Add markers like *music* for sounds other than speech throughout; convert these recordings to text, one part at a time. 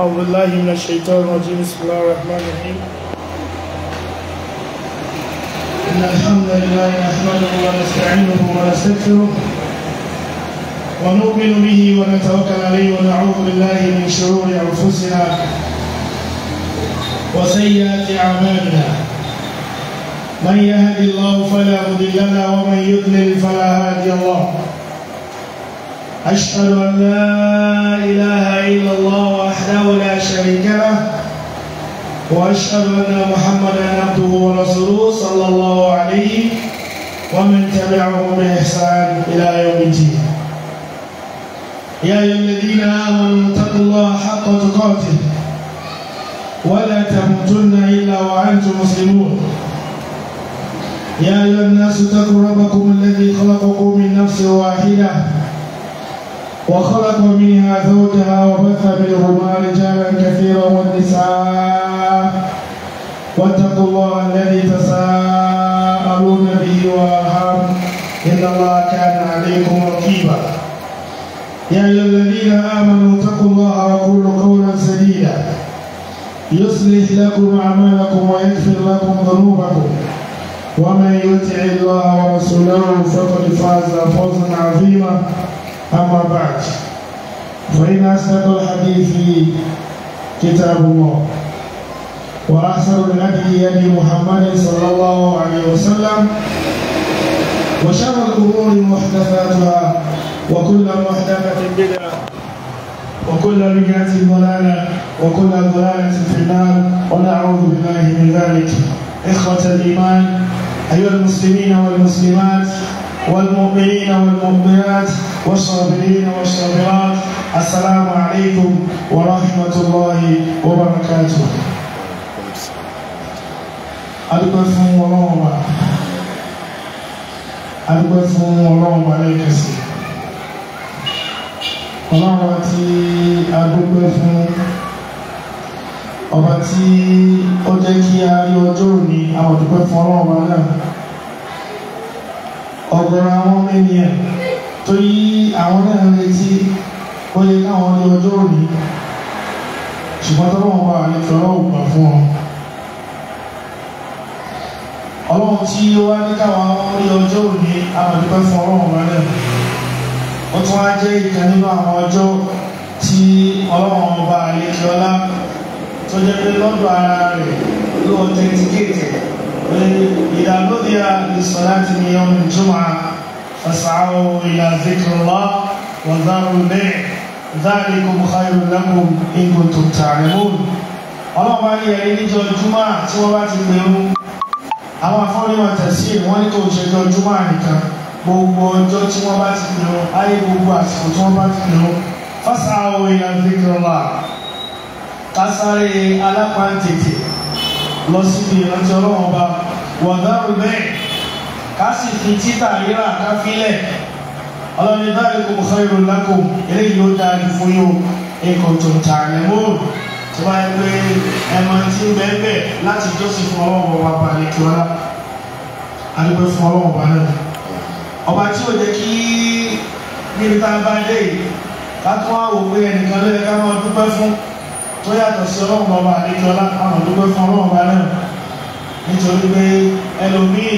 أعوذ بالله من الشيطان الرجيم بسم الله الرحمن الرحيم إن الحمد لله نحمده ونستعينه ونستغفره ونؤمن به ونتوكل عليه ونعوذ بالله من شرور أنفسنا وسيئات أعمالنا من يهد الله فلا مضل له ومن يضلل فلا هادي الله أشهد أن لا إله إلا الله وحده لا شريك له وأشهد أن محمدا عبده ورسوله صلى الله عليه ومن تبعه بإحسان إلى يوم الدين يا أيها الذين آمنوا اتقوا الله حق تقاته ولا تموتن إلا وأنتم مسلمون يا أيها الناس اتقوا ربكم الذي خلقكم من نفس واحدة وخلق منها زوجها وبث منهما رجالا كثيرا والنساء واتقوا الله الذي تساءلون به وارحم ان الله كان عليكم رقيبا يا ايها الذين امنوا اتقوا الله وقولوا قولا سديدا يصلح لكم اعمالكم ويغفر لكم ذنوبكم ومن يطع الله ورسوله فقد فاز فوزا عظيما أما بعد فإن أصدق الحديث كتاب الله وأحسن الهدي هدي محمد صلى الله عليه وسلم وشر الأمور محدثاتها وكل محدثة بدعة وكل بدعة ضلالة وكل ضلالة في النار ونعوذ بالله من ذلك إخوة الإيمان أيها المسلمين والمسلمات والمؤمنين والمؤمنات والصابرين والصابرات السلام عليكم ورحمة الله وبركاته adúpẹ́ fún ọlọ́run wa adúpẹ́ fún ọlọ́run wa lẹ́ẹ̀kan sí ọlọ́run wa tí adúpẹ́ fún ọba tí ó jẹ́ kí a rí ọjọ́ òní àwọn adúpẹ́ fún ọlọ́run wa náà ọ̀gọ̀rọ̀ àwọn ọmọ ènìyàn torí àwọn náà ń retí ó yẹ káwọn ní ọjọ́ òní ṣùgbọ́n tọ́lọ́wọ́n wà ní tọ́lọ́wọ́ gbà fún ọ ọlọ́run tí ó wá ní káwọn ní ọjọ́ òní àmọ̀dúpẹ́ fún ọlọ́run wà náà ó tún wá jẹ́ ìkan nínú àwọn ọjọ́ tí ọlọ́run ọba àlejòọlá tó jẹ́ pé lọ́dọ̀ ara rẹ̀ ló ọ̀tẹ́ntikéètì ìdàlódìá ìsọ̀láti ní ọmọ ìjọba فاسعوا إلى ذكر الله وذروا البيع ذلكم خير لكم إن كنتم تعلمون ọlọ́run bá ní ẹni níjọ júmọ́ tí wọ́n bá ti gbèrú àwọn afọ́nìmọ̀ tẹ̀sí wọ́n ní kò ṣẹjọ júmọ́ nìkan gbogbo ọjọ́ tí wọ́n bá ti gbèrú ayé gbogbo àsìkò tí wọ́n bá ti gbèrú fásá àwọn èèyàn fíkìrọ̀lá kásáré alápáǹtètè lọ síbi ìrántí ọlọ́run ọba wọ̀dárù bẹ́ẹ̀ ká sì fi títà rírà ká fílẹ̀ ọlọ́ni báyìí kò fẹ́ irun lákò eléyìí ló dáa jù fún yóò nǹkan tó tà lẹ́mọ́ tó bá yẹ pé ẹmọ tí ń bẹ́ẹ̀ bẹ́ẹ̀ láti jọ́sìn fún ọlọ́wọ́ wa balẹ̀ tó rárá adúgbò fún ọlọ́wọ́ wa náà ẹlòmíì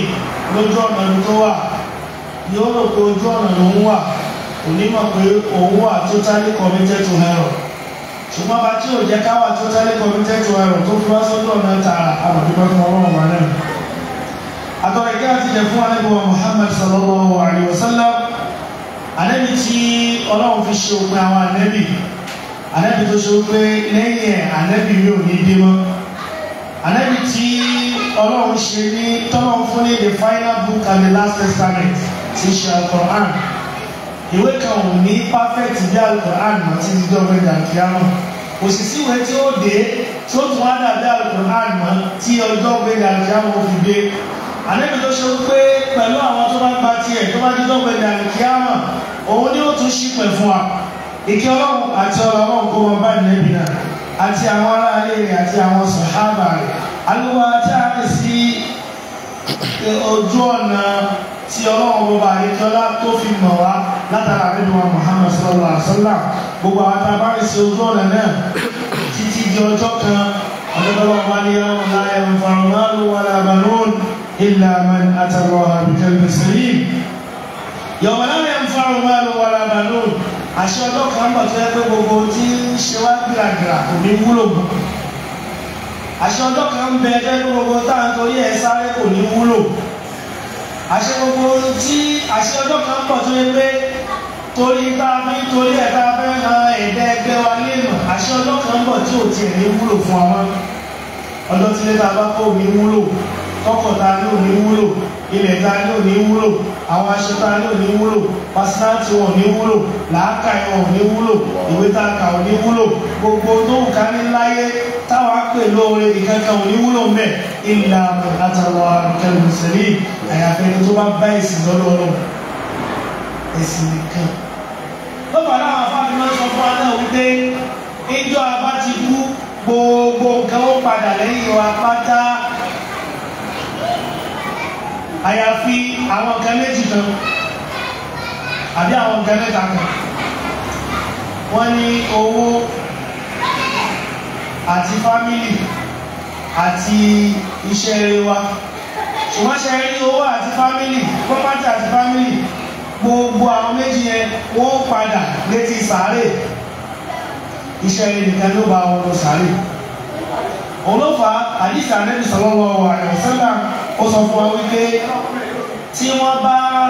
lójú ọ̀nà ibi tó wà yóò rò pé ojú ọ̀nà lòún wà kò ní mọ̀ pé òun wà totally committed to ẹ̀rọ ṣùgbọ́n bá tí ò jẹ́ ká wà totally committed to ẹ̀rọ tó fi wá sójú ọ̀nà tààrà àbàdúgbò fún ọlọ́run wa náà. àtọ̀rẹ̀ kí a ti alẹ́gbọ̀n Muhammad sallallahu alayhi wa sallam alẹ́bi tí ọlọ́run fi ṣe òpin àwọn alẹ́bi alẹ́bi tó ṣe wípé lẹ́yìn ẹ̀ alẹ́bi mi ò ní dé mọ́ alẹ́bi tí ọlọ́run ṣe ní tọ́lọ́run fún ní the final book and the last testament ti ṣe alukoran ìwé kan ò ní perfect bí alukoran àti ìdíjọ́ gbẹ̀dà kíámù kò sì sí ìwé tí ó dé tí ó tún wá dàbí alukoran mọ́ tí ọjọ́ gbẹ̀dà kíámù fi dé àlejò tó ṣe wípé pẹ̀lú àwọn tó bá gba tiẹ̀ tó bá dídọ́ gbẹ̀dà kíámù òun ni ó tún ṣí pẹ̀ fún wa ìkẹ́ ọlọ́run àti ọlọ́run kó wọn bá nẹ́bí náà àti àwọn aráalé rẹ̀ àti àwọn sàhábà rẹ̀ alúwa àti ojú ọ̀nà tí ọlọ́run bọba àríkọ́lá tó fi mọ̀ wá látara àríwá Muhammad sallallahu alaihi wasallam gbogbo àwọn tábàrí sí ojú ọ̀nà náà títí di ọjọ́ kan ọ̀dọ́dọ́wọ́ bá ní ẹran láyé nfàmọ́lù wà lábàlún ilà man àtàwọ̀ àbùkẹ́lẹ̀ sẹ́yìn yọ̀wọ̀ láyé nfàmọ́lù wà lábàlún àṣẹ ọjọ́ kan bọ̀ tó yẹ pé gbogbo tí ń ṣe wá gbìràgbìrà kò ní wúlò àṣẹ ọjọ́ kan ń bẹ ẹjọ́ pé gbogbo tá à ń torí ẹ̀ sáré kò ní wúlò àṣẹ gbogbo tí àṣẹ ọjọ́ kan ń bọ̀ tó yẹ pé torí tá a fi ń torí ẹ̀ tá a fẹ́ han ẹ̀dá ẹgbẹ́ wa léèmọ̀ àṣẹ ọjọ́ kan ń bọ̀ tí ò tiẹ̀ ní wúlò fún wa ọjọ́ tí lé bá kọ́ òní wúlò tọkọ̀ ní òní wúlò ilẹ̀ tá ní òní wúlò àwọn aṣetánì ò ní wúlò pásítátì wọn ò ní wúlò làákàyè wọn ò ní wúlò ìwé tá a kà ò ní wúlò gbogbo tó ń ká ní láyé táwa pè lóore ìkankan ò ní wúlò mẹ ìlà àtàwọn àrùkẹlù sẹlẹ àyàfẹ ni tó bá bá ẹsìn lọlọrọ ẹsìn nìkan. lọ́pàá náà àwọn afáàfin sọ fún wa náà wípé ìjọ abá ti kú gbogbo nǹkan ó padà lẹ́yìn wa pátá àyàfi àwọn nǹkan méjì kan àbí àwọn nǹkan mẹ́ta kan wọ́n ní owó àti fámílì àti iṣẹ́ eré wa ṣùgbọ́n ṣe rí owó àti fámílì pọ́pátì àti fámílì gbogbo àwọn méjì yẹn wọ́n padà létí sàárè iṣẹ́ eré nìkan ló bá wọn lọ sàárè òun ló fà á àdìsí ànẹ́bí sallallahu alaihi wasallam ó sọ fún wa wípé tí wọ́n bá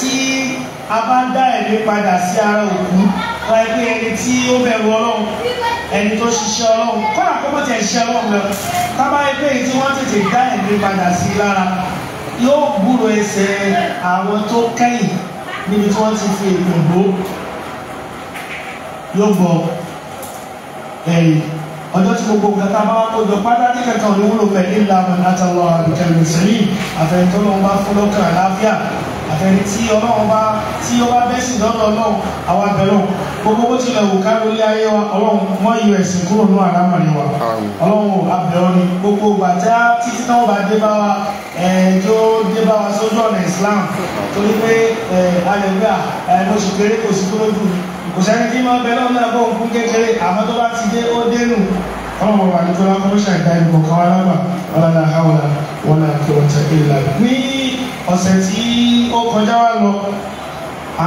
tí a bá dá ẹ̀mí padà sí ara òkú wọ́n ẹgbẹ́ ẹni tí ó bẹ̀rù ọlọ́run ẹni tó ṣiṣẹ́ ọlọ́run kọ́nà kókó tẹ̀ ṣiṣẹ́ ọlọ́run lọ tábà ẹgbẹ́ èyí tí wọ́n tètè dá ẹ̀mí padà sí lára yóò gbúrò ẹsẹ̀ àwọn tó kẹ́yìn níbi tí wọ́n ti fi ètò yóò gbọ́ ẹ̀yìn ọjọ́ tí gbogbo nǹkan tá a bá wá kó jọ pátá ní kankan ní wúlò pẹ̀lú ìlànà látàlọ́ àbíkẹ́lù sẹ́yìn àfẹnitọ́ ló ń bá fún lọ́kàn àlàáfíà àfẹni tí ọlọ́run bá tí ó bá bẹ́sì lọ́dọ̀ ọlọ́run àwa bẹ̀rù gbogbo bó tilẹ̀ wò ká lórí ayé wa ọlọ́run mọ́ iyọ̀ ẹ̀sìn kúrò ní àlámọ̀rin wa ọlọ́run abẹ̀rọ ni gbogbo gbàjá títí náà bá dé bá wa tó dé bá wa sójú ọ̀nà Islam torí pé ayọ̀ gbà ẹ̀ mo sì kéré kò sí kúrò dùn kò sẹ́ni kí máa bẹ lọ́nà ẹ̀bọ̀ òkun kékeré àmọ́ tó bá ti dé ó dénú ọmọ wa ní tọ́lá kọ́ ṣe àìdá ìbò kan alábà ọ̀làlà àwọ̀là wọn là kí wọ́n tẹ̀ ìlà. ní ọ̀sẹ̀ tí ó kọjá wá lọ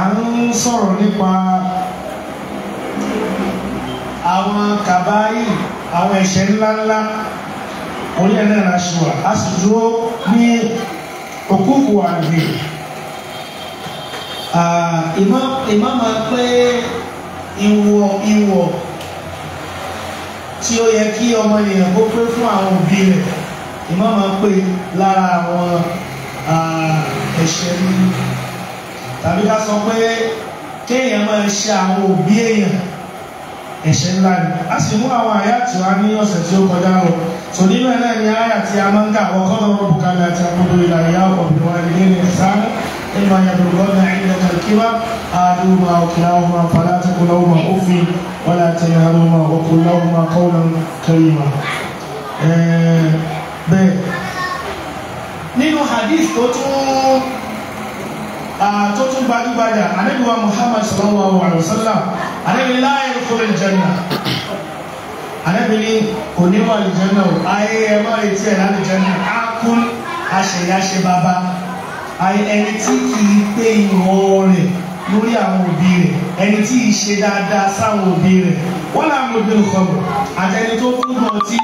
à ń sọ̀rọ̀ nípa àwọn kàbáyì àwọn ẹ̀ṣẹ̀ ńláńlá orí ẹ̀ náà láṣọ wa a sì dúró ní òkúkú àgbè ìmọ̀ máa pé ìwọ ìwọ tí ó yẹ kí ọmọ ènìyàn kó pé fún àwọn òbí rẹ̀ ìmọ̀ máa pé lára àwọn ẹ̀ṣẹ̀ nínú tàbí ká sọ pé kéèyàn máa ṣe àwọn òbí èèyàn ẹ̀ṣẹ̀ ńlá ni a sì mú àwọn àyà tí wá ní ọ̀sẹ̀ tí ó kọjá lọ tò nínú ẹ̀ náà ni àyà tí a máń kà wọ́n kọ́ lọ́rọ̀ bùkálẹ̀ àti àkókò ìlànà ìyá ọkọ̀ bí wọ́n ẹni إما يبلغن عندك الكبر أحدهما أو كلاهما فلا تقل لهما أف ولا تنهرهما وقل لهما قولا كريما bẹ́ẹ̀ nínú hadith tó tún tó tún gbajúgbajà anábíwá muhammad sallallahu alaihi wasallam anábí láyé kúrò jẹ́nà anábí ní onímọ̀ ìjẹ́nà ayé ẹ̀mọ́ etí ẹ̀ láti jẹ́nà á kún aṣèyáṣe bàbá ẹni tí kì í pé ìwọ̀n rẹ̀ lórí àwọn òbí rẹ̀ ẹni tí ì ṣe dáadáa sáwọn òbí rẹ̀ wọ́n là ń lo bí nǹkan bọ̀ àtẹni tó kún mọ́ tí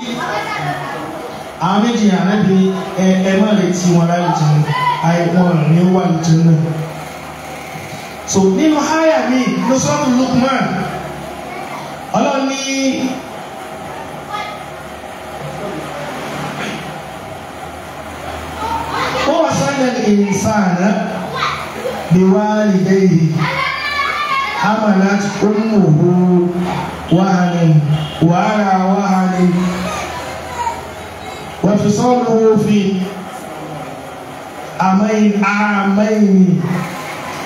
àwọn méjì ànábi ẹ ẹ má lè ti wọn láyé jù lọ àìwọ̀n ní wà lójú náà. so nínú háyà mi ló sọ́nù Lukman ọlọ́ni. أحسن الإنسان بوالديه حملت أمه وهن وعلى وهن وفصاله في عامين عامين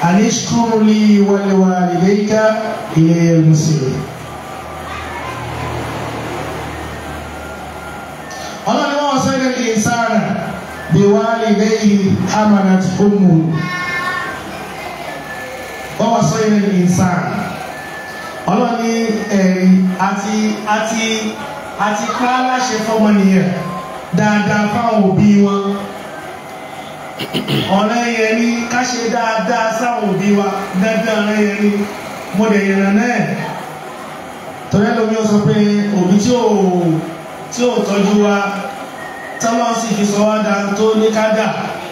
أن اشكر لي ولوالديك إلي المصير biwalidayhi amanat ummu wa wasayna al-insan ọlọ́ni ẹ̀rí àti àti àti ká láṣẹ fọmọnìyàn dáadáa fáwọn òbí wọn ọ̀rẹ́ yẹn ni ká ṣe dáadáa sáwọn òbí wa dáadáa ọ̀rẹ́ yẹn ni mo dẹ̀ yẹn náà torí ẹlòmíràn sọ pé òbí tí ò tí ò tọ́jú wa ọlọ́run sì fi sọ wá da tó ní ká dà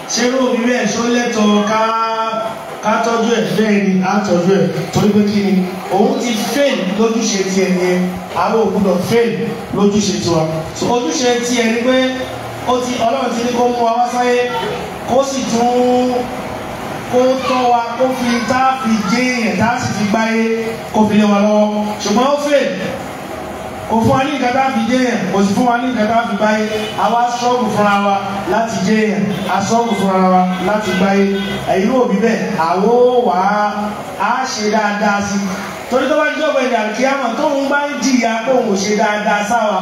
ṣé irú òbí bẹ́ẹ̀ ṣó lẹ́tọ̀ọ́ ká ká tọ́jú ẹ̀ bẹ́ẹ̀ ni á tọ́jú ẹ̀ torí pé kí ni òun ti fail lójúṣe ti ẹni ẹ àwọn ògbúdọ̀ fail lójúṣe tiwa so ojúṣe ti ẹni pé ó ti ọlọ́run ti ní kó mú wa wá sáyé kó sì tún kó tọ́ wa kó fi tá a fi jẹ́ èèyàn tá a sì fi gbáyé kó fi lé wa lọ́wọ́ ṣùgbọ́n ó fail kò fún wa ní nǹkan tá a fi jẹ́ yẹn kò sì fún wa ní nǹkan tá a fi báyé àwa sọ́ọ̀bù fúnra wa láti jẹ́ yẹn asọ́ọ̀bù fúnra wa láti gbáyé ẹ̀yin òbí bẹ́ẹ̀ àwo wà á ṣe dáadáa sí torí tó bá jẹ́ ọ̀pọ̀ ìdí àkíyàmọ̀ tóun bá ń jìyà kóun ò ṣe dáadáa sáwa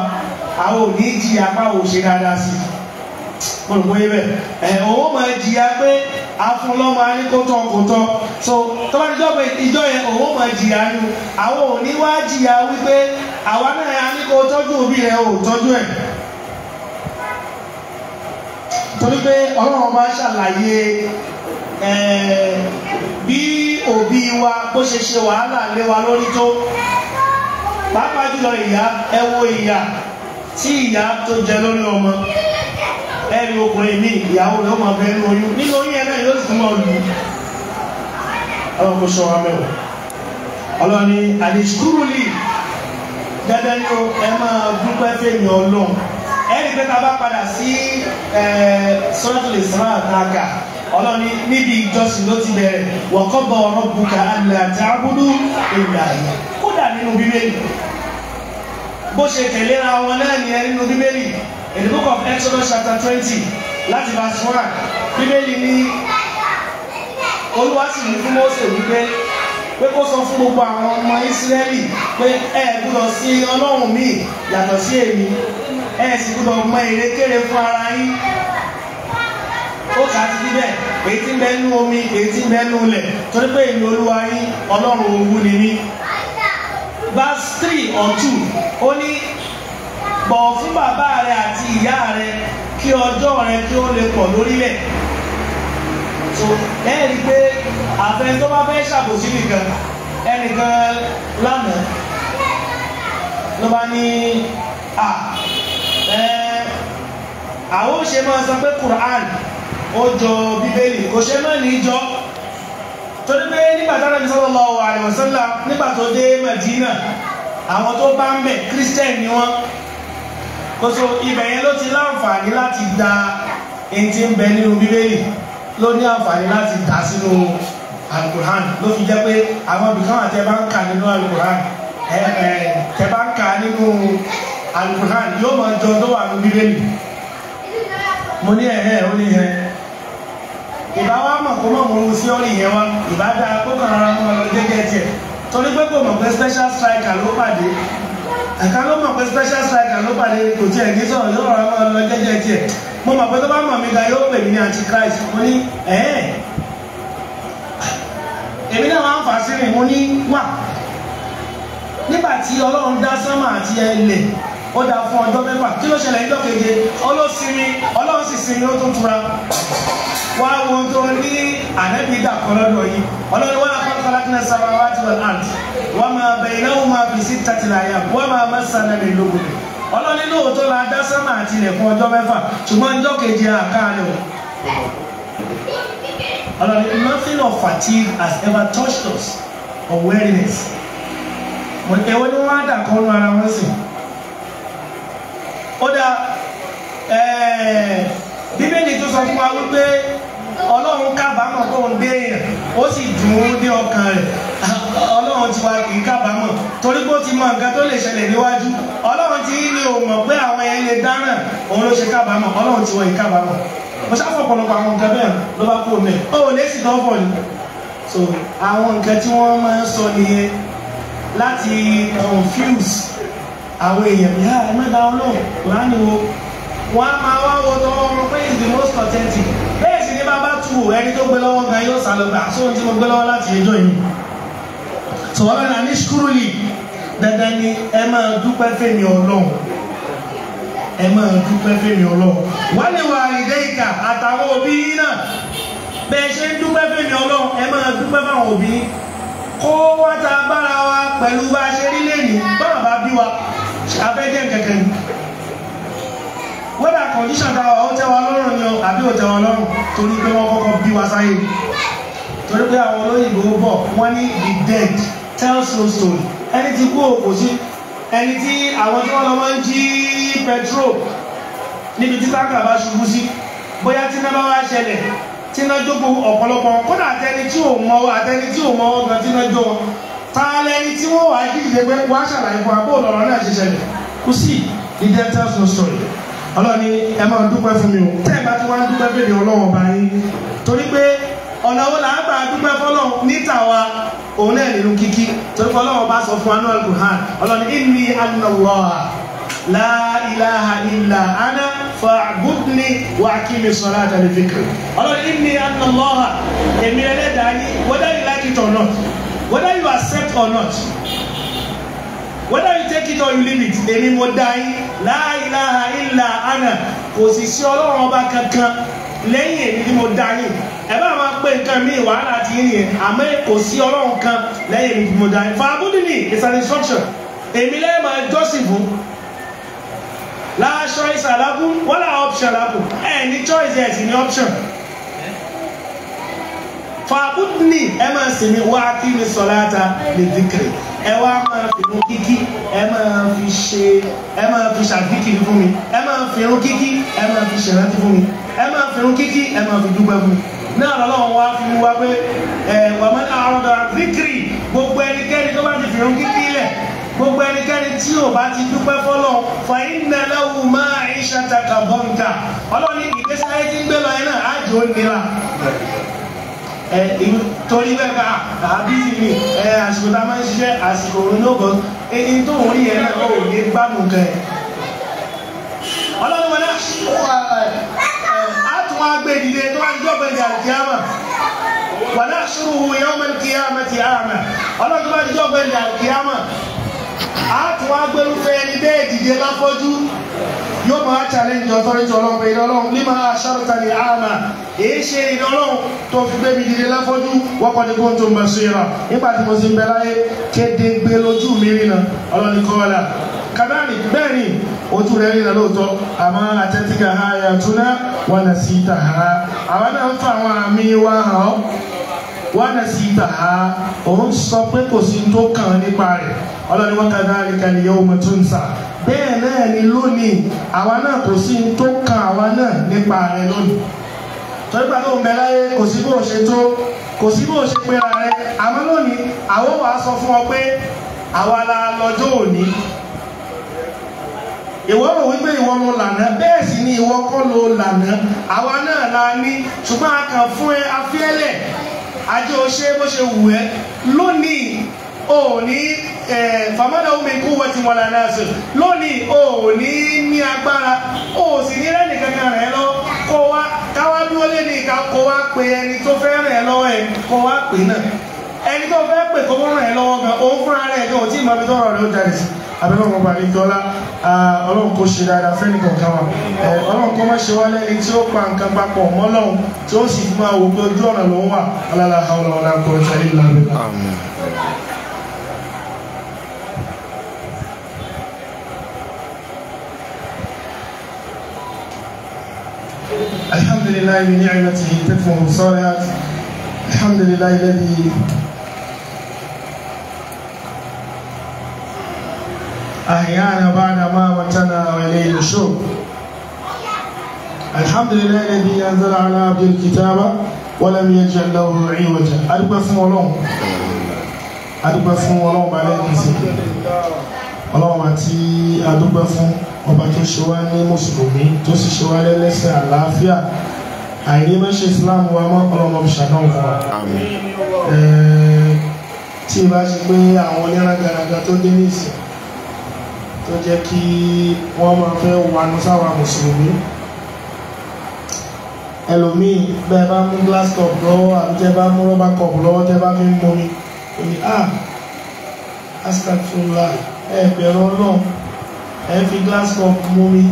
àwọn ò ní jìyà káwọn ò ṣe dáadáa sí olùkóyè bẹ́ẹ̀ ẹ̀ òun máa jìyà pé afúnlọ́mọ aníkótọ́ kótọ́ so tó bá jẹ́ ọ̀pọ̀ ìjọ yẹn òun máa jìyà nù àwọn ò ní wá jìyà wípé àwa náà yà ní kó tọ́jú òbí rẹ̀ ò tọ́jú ẹ̀ torí pé ọlọ́run ọba ṣàlàyé bí òbí wa bó ṣe ṣe wàhálà lé wa lórí tó pàápàá jùlọ ìyá ẹ wo ìyá tí ìyá tó jẹ lórí ọmọ ẹni ọkùnrin mi ìyàwó rẹ̀ ó máa bẹ nínú oyún nínú oyún ẹ náà yóò sì máa lù ú ọlọ́run kò ṣọ́ wa mẹ́wàá ọlọ́run ni àdìsúkúrú lì dandan ni o ẹ máa dúpẹ́ fẹ̀yìn ọlọ́run ẹni pé tá a bá padà sí sọ́dọ̀lì sọ́dọ̀ àtàkà ọlọ́ni níbi ìjọsìn ló ti bẹ̀rẹ̀ wọ̀kọ́bọ̀ ọ̀rọ̀ buka alẹ́ àti abúlú ìgbà yìí kódà nínú bíbélì bó ṣe tẹ̀léra wọn náà nìyẹn nínú bíbélì in the book of Exodus chapter twenty láti verse one bíbélì ni olúwa sì ní fún Mósè wípé pé kó sọ fún gbogbo àwọn ọmọ Ísírẹ́lì pé ẹ gbúdọ̀ sí ọlọ́run míì yàtọ̀ sí èmi ẹ sì gbúdọ̀ mọ èrè kéré fún ara yín ó kà á ti di bẹ́ẹ̀ èyí tí ń bẹ nú omi èyí tí ń bẹ nú ilẹ̀ torí pé èmi olúwa yín ọlọ́run owú ni mí. verse three or two ó ní bọ̀wọ̀ fún bàbá rẹ àti ìyá rẹ kí ọjọ́ rẹ kí ó lè pọ̀ lórílẹ̀ so ẹ rí i pé àfẹn tó bá fẹ́ ṣàbòsí nìkan ẹnìkan lánàá ló bá ní à ẹ àwọn ò ṣe máa sọ pé Quran ó jọ bíbélì kò ṣe máa ní í jọ torí pé nígbà tí Ànábì sallallahu alaihi wasallam nígbà tó dé Madina àwọn tó bá ń bẹ̀ Christian ni wọ́n kóso ibẹ̀ yẹn ló ti láǹfààní láti da ẹni tí ń bẹ nínú bíbélì ló ní àǹfààní láti dà sínú alukur'an ló fi jẹ́ pé àwọn ibìkan àti ẹ bá ń kà nínú alukur'an ẹ ẹ tẹ bá ń kà nínú alukur'an yóò máa jọ tó wà ní bíbélì mo ní ẹ̀hẹ́ ó ní ẹ̀ ìbá wa mọ̀ kó mọ̀ mọ̀ sí ọ̀rì yẹn wa ìbá dáa kó kàn rárá mọ̀ lọ jẹ́jẹ́ tiẹ̀ torí pé kò mọ̀ pé special striker ló pàdé ẹ̀ka ló mọ̀ pé special striker ló pàdé kò tiẹ̀ ní sọ̀rọ̀ yóò rà máa lọ jẹ́jẹ́ tiẹ̀ mo mọ̀ pé tó bá mọ̀ mi ga yóò pè mí ní antichrist mo ní ẹ̀ẹ́n èmi náà máa ń fà sí rìn mo ní wà nígbà tí ọlọ́run dá sánmà àti ẹlẹ̀ ó dáa fún ọjọ́ mẹ́fà kí ló ṣẹlẹ̀ níjọ́ keje ọlọ́sinmi ọlọ́run sì sinmi ó tún tura wá wọn tó ní ànẹ́bí dàkọ́ lọ́dọ̀ yìí ọlọ́run wà á kọ́ kọ́lá kí náà sábà wá ti wọ́n máa wọn máa fi sí tàtìláyà wọ́n máa má lè lóko ọlọ́ni lóòótọ́ la dá sánmà àti ilẹ̀ fún ọjọ́ mẹ́fà ṣùgbọ́n ọjọ́ kejì àkàlẹ̀ o. ọlọ́ni nothing of fatigue has ever touched us or weariness. èwo ni wọ́n á dà kọ́ nu ara wọn sí. ó dá bíbélì tó sọ fún wa wípé ọlọ́run kábàámọ̀ tó ń dé èèyàn ó sì dùn ún ní ọkàn rẹ̀ torí ti mọ nǹkan tó lè ṣẹlẹ̀ níwájú ọlọ́run ti ní òun mọ̀ pé àwọn ẹyẹ lè dáràn òun ló ṣe kábàámọ̀ ọlọ́run ti wọ ìkábàámọ̀ mo ṣàfọ̀ ọ̀pọ̀lọpọ̀ àwọn nǹkan bẹ́ẹ̀ ló bá kú omi ẹ̀ ó lè sì dánfọ̀ ni so àwọn nǹkan tí wọ́n máa ń sọ nìyẹn láti confuse àwọn èèyàn bí ah, ẹ má da ọlọ́run kùránì wo wọ́n á máa wá wo tọwọ́ wọn pé is the most authentic bẹ́ẹ̀ sì ni bàbá tù ẹni tó gbé lọ́wọ́ gan yóò sálọ gbà sóhun tí mo gbé lọ́wọ́ láti ẹjọ́ yìí sọ̀rọ̀ náà ní ṣkúrú lì dandan ni ẹ máa dúpẹ́ fẹ́mi ọlọ́run ẹ máa dúpẹ́ fẹ́mi ọlọ́run wọ́n lè wà àrídẹ́ ìkà àtàwọn òbí yín náà bẹ́ẹ̀ ṣe ń dúpẹ́ fẹ́mi ọlọ́run ẹ máa dúpẹ́ fáwọn òbí kó wá ta bára wa pẹ̀lú bá a ṣe rí lẹ́nu bọ́rọ̀ bá bí wa abẹ́jẹ́ kẹ̀kẹ́ ni wọ́dà kọ̀díṣàn ta wa ó tẹ́ wa lọ́rùn ni o àbí ó tẹ́ wa lọ́rùn torí pé wọ́n kọ́kọ́ bí wa sáyé torí pé àwọn olóyìnbó bọ̀ wọ́n ní the dead tells no story ẹni tí kú òkú sí ẹni tí àwọn tí wọ́n lọ máa ń jí pẹtrol níbi tí táǹkà bá ṣubú sí bóyá tí iná bá wá ṣẹlẹ̀ tí iná jókòó ọ̀pọ̀lọpọ̀ kódà àtẹni tí ò mọ àtẹni tí ò mọ ọgbọ̀n tí iná jó wọn ta lẹni tí wọ́n wàá kí ìdẹ́gbẹ́ wá ṣàlàyé fún abó ọ̀rọ̀ náà ṣe ṣẹlẹ̀ kú sí ìdẹ́ tẹ́sán sọ̀rọ̀ ọlọ́ni ẹ máa dúpẹ́ fún mi o tẹ́ ẹ bá ti wá dúpẹ́ bèrè ọlọ́wọ́ báyìí torí pé ọ̀nà wo là ń gbà dúpẹ́ fọlọ́run níta wa òun náà nínú kíkí torí fọlọ́run bá sọ fún anú al-Qur'an ọlọ́ni inni anallah la ilaha illa ana fa'budni wa aqimi salata li dhikri ọlọ́ni inni anallah èmi ẹlẹ́dàá yín whether you like it or not whether you accept or not whether you take it or you leave it èmi mo dá yín la ilaha illa kò sì sí ọlọ́run ọba kankan lẹ́yìn èmi ni mo dá yín ẹ bá máa pé nǹkan mi wàhálà ti yín yẹn àmọ́ kò sí ọlọ́run kan lẹ́yìn mi mo dá ifá abúdínì is an instruction èmi lẹ́yìn máa jọ́sìn fún láàṣọ ìsàlágún wọ́n là option lápò ẹ̀ ní choice ẹ̀ sì ní option fàbùdìní ẹ máa sìn mí wá kí mi sọ láta lè dìkìrì ẹ wá máa fi irun kíkí ẹ máa fi ṣe ẹ máa fi ṣàdìkìrì fún mi ẹ máa fi irun kíkí ẹ máa fi ṣèrántí fún mi ẹ máa fi irun kíkí ẹ máa fi dúpẹ́ fún mi náà lọ́wọ́ wa fi wá pé ẹ̀ wàmọ́ àwọn ọ̀dọ̀ àdìkìrì gbogbo ẹnikẹ́ni tó bá ti fi hàn kíkí lẹ̀ gbogbo ẹnikẹ́ni tí ò bá ti dúpẹ́ fọ́lọ́ fàyínà lẹ́wù máa iṣẹ́ takà bọ́ǹkà ọlọ́ọ̀ni ìgbésí ayé ti ń gbé lọ iná àjò nira ẹ ìlú torí bẹ́ẹ̀ bá àbíyí ni ẹ àsìkò tá a máa ń ṣiṣẹ́ àsìkò onígbọ̀n ẹni tó ń rí ẹ náà ó lè gbádùn kẹ ọlọ́run wọn náà gbé dìde tó bá jọ́ bẹ̀rẹ̀ àlùkìyàmà wa nahshuruhu yawma al-qiyamati a'ma ọlọ́run tó bá jọ́ bẹ̀rẹ̀ àlùkìyàmà á tún wá gbẹrúfẹ́ ẹni bẹ́ẹ̀ dìde láfọ́jú yóò máa challenge authority ọlọ́run pé ìdọ́lọ́run lima ashartani a'ma èyí ṣe ìdọ́lọ́run tó fi gbé dìde láfọ́jú wọ́pọ̀ ní kóńtò basira nígbà tí mo ti ń bẹ láyé kéde gbé lójú mi rìnà ọlọ́run kọ́ ọ̀la kàdáàlì bẹ́ẹ̀ ni ojú rẹ̀ rí lọ́tọ́ àmọ́ àtẹ́tíkà ha àyàtúná wà nà sí ìta ha àwọn náà ń fa àwọn àmì wa hàn ọ́ wà nà sí ìta ha òun sọ pé kò sí tó kàn nípa rẹ̀ ọlọ́ni wọn kà dáa nìkan nìyẹn omi tó ń sà bẹ́ẹ̀ náà ni lónìí àwa náà kò sí tó kàn àwa náà nípa rẹ̀ lónìí torí pàtó ń bẹ láyé kò sí bó ṣe tó kò sí bó ṣe pera rẹ̀ àmọ́ lónìí àwọn wàá sọ fún ọ pé àwa la lọ́jọ́ òní ìwọ rò wípé ìwọ ló lànà bẹ́ẹ̀ sì ni ìwọ kọ́ ló lànà àwa náà la ní ṣùgbọ́n a kàn fún ẹ afẹ́lẹ̀ ajé o ṣe bó ṣe wù ẹ́ lónìí o ní famada omi kú wọ́n ti wọlé náà sọ lónìí o ní ní agbára o sì ní rẹ́ni kankan rẹ̀ lọ kó wá káwá dúró lé ní ìka kó wá pe ẹni tó fẹ́ ràn lọ́wọ́ ẹ̀ kó wá pè náà ẹni tó fẹ́ pè kó wọ́n ràn lọ́wọ́ gan òun fúnra rẹ̀ gan ò tí ì mọ ibi tó rọ̀ ló jáde sí i abẹ́lẹ́wọ̀n bá ní dọ́là ọlọ́run kò ṣe dáadáa fẹ́ni kọ̀ọ̀kan wa ọlọ́run kọ́ máa ṣe wá lẹ́ni tí ó pa nǹkan papọ̀ mọ́ lọ́hùn tí ó sì máa wò pé ojú ọ̀nà ló ń wà ọlọ́lá àwọn ọ̀nà kò tẹ̀lé ìlànà. الحمد لله بنعمته تكمن الصالحات الحمد لله الذي أحيانا بعد ما متنا وإليه النشور الحمد لله الذي أنزل على عبد الكتاب ولم يجعل له عوجا أدب فمولون أدب فمولون بعد كسي ọlọ́run àti adúgbẹ́ fún ọba tó ṣe wá ní mùsùlùmí tó sì ṣe wá lẹ́lẹ́sẹ̀ àlàáfíà àìrí mẹ́ṣẹ̀ islam wa mọ́ ọlọ́mọ ṣàdán fún wa tí ìbá ṣe pé àwọn onírangaraga tó dé ní ìsìn tó jẹ́ kí wọ́n máa fẹ́ wanu sáwa mùsùlùmí ẹlòmíì bẹ́ẹ̀ bá mú glass cup lọ́wọ́ àbí tẹ́ bá mú rọ́bà cup lọ́wọ́ tẹ́ bá fi ń mọmi èyí á ah, asitafula ẹ bẹ̀rẹ̀ ọlọ́ọ̀ ẹ fi glass cup mọmi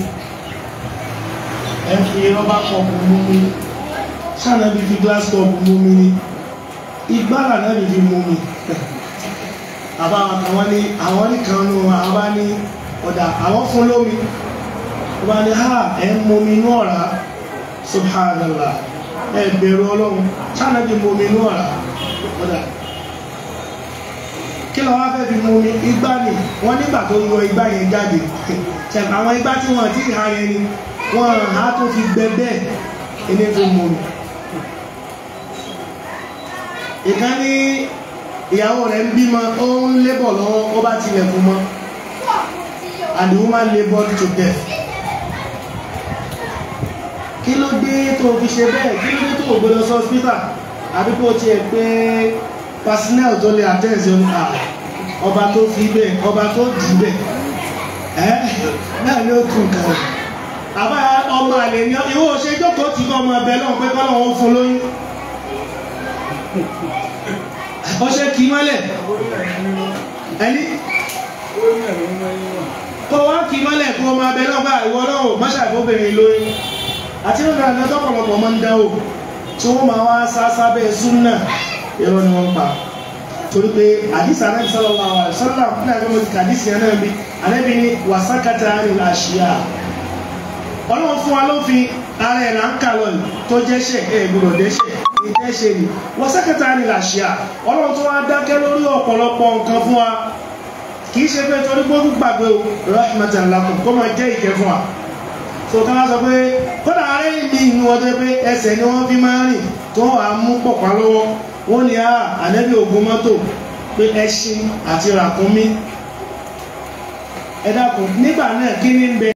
ẹ fi rọ́bà cup mọmi sáànà bí fi glass cup mọmi ni igbára náà bí fi mọmi *laughs* àbá àwọn ní àwọn ní kan nù àbá ní ọ̀dà àwọn fún lómi ọba ni ha ẹ̀ ń momi inú ọ̀rá subhanallah ẹ̀ bẹ̀rù ọlọ́run ṣáná bí momi inú ọ̀rá ọ̀dà kí lọ wá fẹ́ fi mú igbá ni wọ́n nígbà tó yọ igbá yẹn jáde *laughs* ṣẹ̀fẹ̀ àwọn igbá tí wọ́n ti ha yẹn ni wọ́n á tó fi gbẹ bẹ́ẹ̀ ilé tó mú mi. ìkan ní ìyàwó rẹ̀ ń bímọ ó ń lébọ̀ lọ́wọ́ ó bá tilẹ̀ fún mọ́ and the woman laboured to death. kí ló dé tó fi ṣe bẹ́ẹ̀ kí ló dé tó o gbọdọ̀ sọ hospital àbí kó o tiẹ̀ pé personnel tó lè attend sí ọba tó fi bẹ́ẹ̀ ọba tó dì í bẹ́ẹ̀ ẹ́ náà ni ó kù nǹkan rẹ̀ àbá ọmọ àlè ni ìwọ ṣe jókòó tí kọ́ ọmọ ẹbẹ̀ náà pé kọ́ lọ́wọ́ fún lóyún ọṣẹ kì í mọ́lẹ̀ ẹni kọ́ wá kì í mọ́lẹ̀ kó máa bẹ lọ́gbà ìwọ lọ́wọ́ mọ́ṣàfóbìnrin lóyún àti nínú àná tọ́pọ̀lọpọ̀ máa ń o tí wọ́n máa wá sáásábẹ́ súnà irọ́ ni wọ́n pa torí pé àdìsí anábì sallallahu alaihi wasallam fún àgbẹ̀ mo ti kà àdìsí anábì anábì ni wàsákàtà àrùn àṣìyà ọlọ́run fún wa ló fi ara ẹ̀ là ń kà lọ tó jẹ́ṣẹ̀ ẹ̀ gbọ́dọ̀ dẹ́ṣẹ̀ ní dẹ́ṣẹ̀ ni wàsákàtà àrùn àṣìyà ọlọ́run tó wá dákẹ́ lórí ọ̀pọ̀lọpọ̀ nǹkan fún wa kì í ṣe pé torí gbógun gbàgbé o rahmatan lakum kó máa jẹ́ ìkẹ́ fún wa so tí wọ́n sọ pé kódà ààrẹ ìdí inú ọdẹ pé ẹsẹ̀ ni wọ́n fi máa rìn tó wàá mú pọ̀pá lọ́wọ́ wọ́n ní a ah, ànẹ́bí ògùn mọ́tò pé ẹṣin àti ràkúnmí ẹ dákun nígbà náà kí ni ń bẹ.